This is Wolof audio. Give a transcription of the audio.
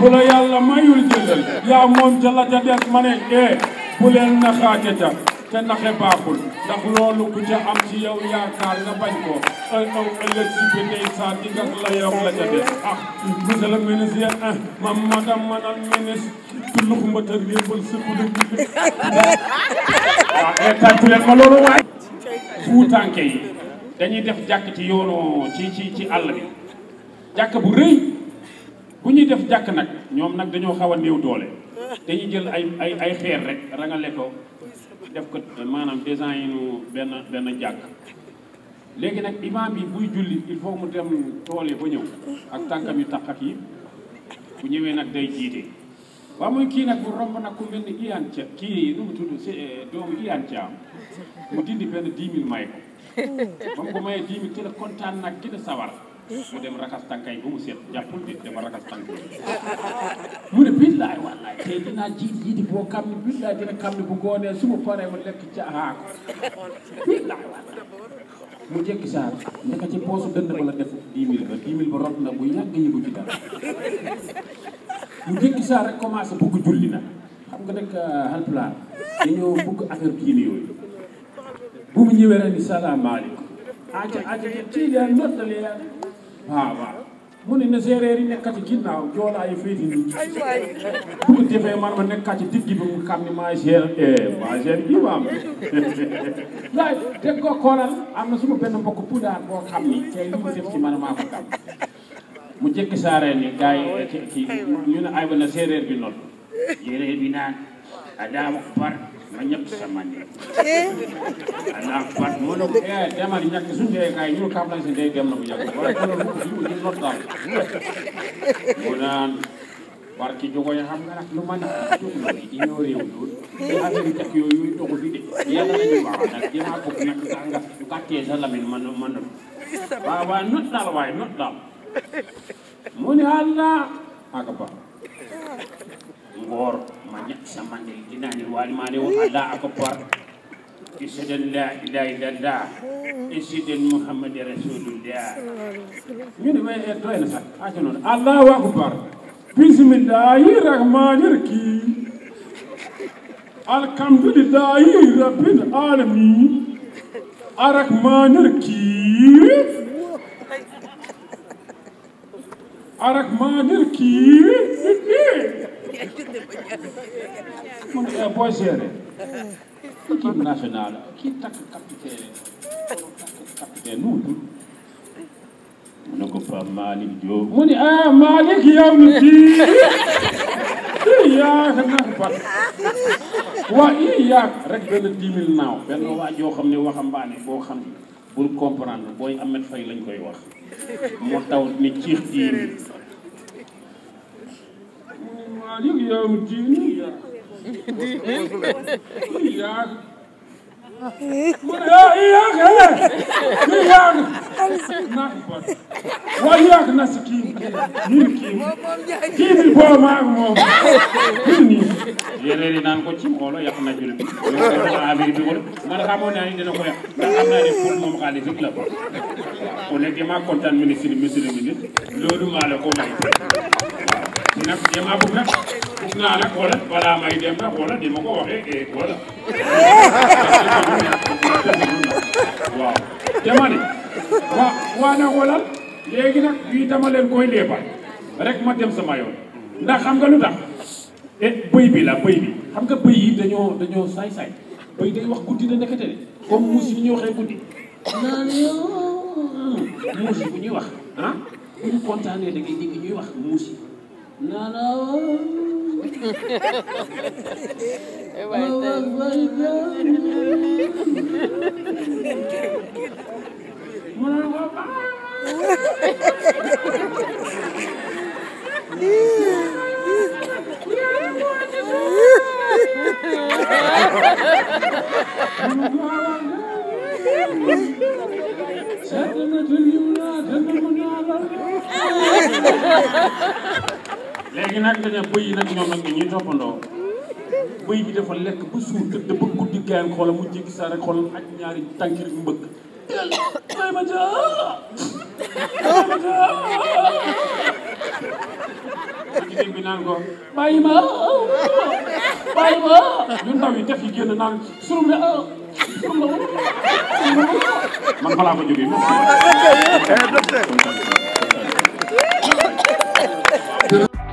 bu la yàlla mayul jëlal yaa moom jëla ja ma ne ee eh, bu leen naxaate ca te naxe baaxul ndax loo ku ca am ci yow yaakaar nga bañ ko aw ëllëg si bi ndeysaan di nga la yow la ca des ah monsieur le ministre ah ma madame manal ministre tullux mbatal yëbal sëkkudu bi waaw ee tàccu leen ma loolu waay fuutànke yi dañuy def jàkk ci yoonu ci ci ci àll bi jàkk bu rëy bu ñuy def jàkk nag ñoom nag dañoo xaw a néew doole dañuy jël ay ay ay xeer rek rangale ko def ko maanaam design nu benn benn jàkk léegi nag imam bi buy julli il faut mu dem toole ba ñëw ak tànkam yu taq yi bu ñëwee nag day jiite waaw muy kii nag bu romb nag ku mel ni iyaan ca kii nu mu tudd si euh, doomu iyaan ca am mu dindi benn dix mille may ko hmm. ba mu ko mayee dix mille ki kontaan nag ki la sawar mu dem rakas tànkay ba mu set jàppul nit dama rakas tànkay mu ne billaay wallaay tey dinaa jiit jiiti boo xam ne billaay dina xam ne bu goonee su paree ma lekk ca mu jekki saar nekk ci poosu dënd ba la def dix mille ba dix mille ba rot na mu jekki saar rek commencé bugg julli na xam nga nag halpulaar euh, dañoo bugg affaire diine yooyu bu mu ñëwee rek ni salaamaaleykum aca aca ci leen nottali yaa waaw waaw mu na séeréer yi nekkati ginnaaw joolaa yi féeti nii bu ko defee man ma nekkaat ci digg bi mu xam ne maa gère bi waam mu def mu jëkki saaree ni gars yi ne ay na séeréer bi noonu yéeréer bi naan aɗa far ma ñaktu sammande aɗa far mono e demal ñakka sunde e kay ñuro kablan so nde demno ko ñakka wala kono ɗum ɗum notɗam wonan warki jogoya xam nga nag ma nag jogloy ino réew lool e affaire tak yooyu toxu fi de yàlla lañu waaw nag jema mu ni xaal naa aka samandel dinanir walimane won allah akbar isiden la ilaha illallah isiden mouhammadi rasulillah min way e doyna ah, sat haca noon allahu akbar bisimillahi rahmanirrahim alhamdulillahi rabbil alamin arrahmanirrahim arrahmanirrahim continuer boo gérer mu ne ko Pa Malick ah, mu ne ah yaa ka nak pat waa ii yaa rek benn timil naaw benn waa joo xam ne waxambaane boo xam ne bul comprendre booy Ahmed Faye lañ koy wax moo taw ni ciix diin Malick yow mi kii wayak nasi kii ñun kii kii bi boo maag moom ñun nii yéen yi naan ko ci xoolo yàq na jul bi affaire bi ko man xamoon naa ni dina ko yàq ndax xam naa ne pour moom xaalis rek la ko ku nekk dama kontaan ministre monsieur le ministre loolu maa la ko may waaw nag dama bëgg nag gis a nag wala balaa may dem nag wala ni ma ko waxee wala. Eh, waaw te ma wa waa nag wala léegi nag bii dama leen koy leebal rek ma dem sama yoon ndax xam nga lu tax et eh, bëy bi la bëy bi xam nga bëy yi dañoo dañoo saay-saay bëy day wax guddi na nekkate de comme muus yi ñu waxee guddi naan muus yi bu ñuy wax ah bu ñu kontaanee da ngay ñuy wax muus yi naan Sen de mi dünyada, sen de mi dünyada? léegi nag dañu bëy yi nag ñoom nag ñuy toppandoo bëy bi dafa lekk ba suur te da bëgg guddi mu jéggi saa rek xoolal ak ñaari tànk rek mu bëgg teel may ma jaa may ma jaa jigéen bi naan ko bàyyi ma bàyyi ma ñu ndaw yi def yi génn naan surum ne ah, surum la man balaa